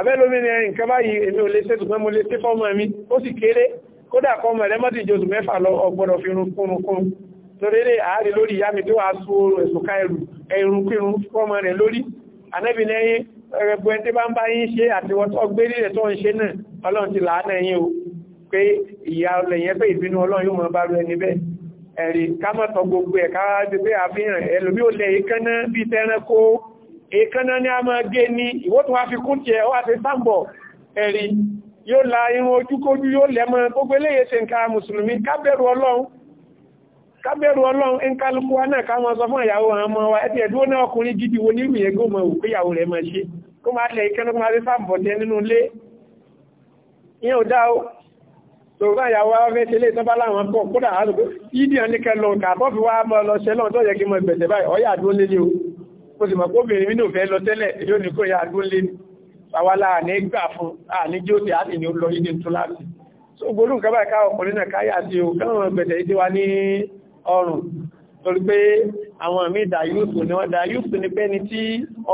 abẹ́lómìnira nǹkan báyìí èmi ò lè ṣe tùgbọ́n mo lè ṣe fọ́mọ mi ó sì kéré kódà kọmọ ẹlẹ́mọ́dì ìjọsù mẹ́fà lọ ọgbọ́dọ̀ fi rún kúnrún torí lè ààrẹ lórí ìyá mi tó wà sú oòrùn ẹ̀sùnká ẹrù ẹ̀rùn kírun fọ́mọ rẹ̀ lórí anẹ́bìnẹ́yìn ẹgbẹ́ tí bá ń bá yín ṣe àti wọ́tọ́ gbérí rẹ̀ tó ń ṣe náà ká mọ̀ tọ gbogbo ẹ̀ ká wá àfihàn ẹlòmí ò lẹ̀ èékánná bíi tẹ́ránkó èékánná ní a máa gé ní ìwọ tó wá fi kún tí ẹ wá fi sáàbọ̀ ẹ̀rí yóò la irun ojúkójú yóò lẹ́mọ́ gbogbo eléyè ṣe nǹkan mùsùlùmí kábẹ̀rù ọlọ́run kábẹ̀rù ọlọ́run ń kálukú wa náà ká máa sọ fún ìyàwó gidi wo nírú yẹn gómọ òkú ìyàwó rẹ̀ máa ṣe kó máa wa fẹ́ tẹ́lẹ̀ tọ́ba láwọn pọ̀ kódà á lò pé yídìí ọ̀nìkẹ́ lọ kà mo sì mọ̀ pé obìnrin nínú fẹ́ lọ tẹ́lẹ̀ yóò ní kó ya agbóńlé ni àwálà ní gbà fún àní jí ó ti ní lọ ìdí tó láti so gbórú nǹkan báyìí ká ọkùnrin náà káyà sí o káwọn gbẹ̀dẹ̀ ìdí wa ní ọrùn torí pé àwọn àmì ìdá yúùsù ni wọ́n dá yúùsù ni pé ní tí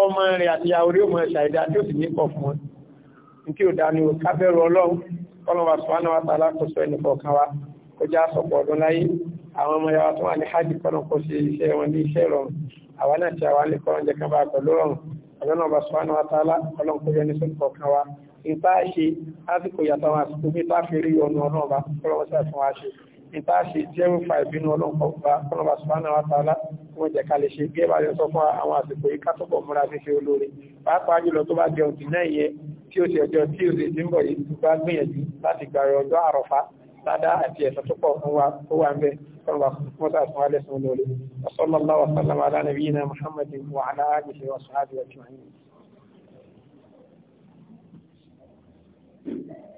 ọmọ rẹ̀ àti ìyàwó rí ọmọ ẹ̀ṣà ìdá tí ó sì ní pọ̀ fún wọn ní kí ó dá ní o kábẹ́rù ọlọ́run kọ́lọ́wà wà ní wọn ní iṣẹ́ rọrùn àwa náà ti àwa lè kọ́ oúnjẹ kan bá a pẹ̀lú ọ̀run ọ̀rọ̀ náà bá sọ wọn wá tálá ọlọ́run kó yẹ ní sọ́nù kọ̀ọ̀kan wa ìta ṣe lásìkò ìyàtọ̀ àwọn àsìkò bí tá a fi rí ọ̀nà ọlọ́run bá ọlọ́run sí àfihàn wa ṣe ìta ṣe jẹ́ fa ìbínú ọlọ́run bá ọlọ́run bá sọ wọn wá tálá wọn jẹ ká lè ṣe bí ẹ bá yọ sọ fún àwọn àsìkò yìí ká tó bọ̀ múra fífi olóore pàápàá jùlọ tó bá jẹun dì náà yẹ tí ti ọjọ́ tí ó ti ti ń bọ̀ yìí tó bá gbìyànjú ládá àti ẹ̀sán tó pọ̀ fún wa tó wà ń bẹ kọlọ̀wà fún sàtún wa lẹ́sùn lórí sallallahu wa sallam ala nabiyyina Thank you.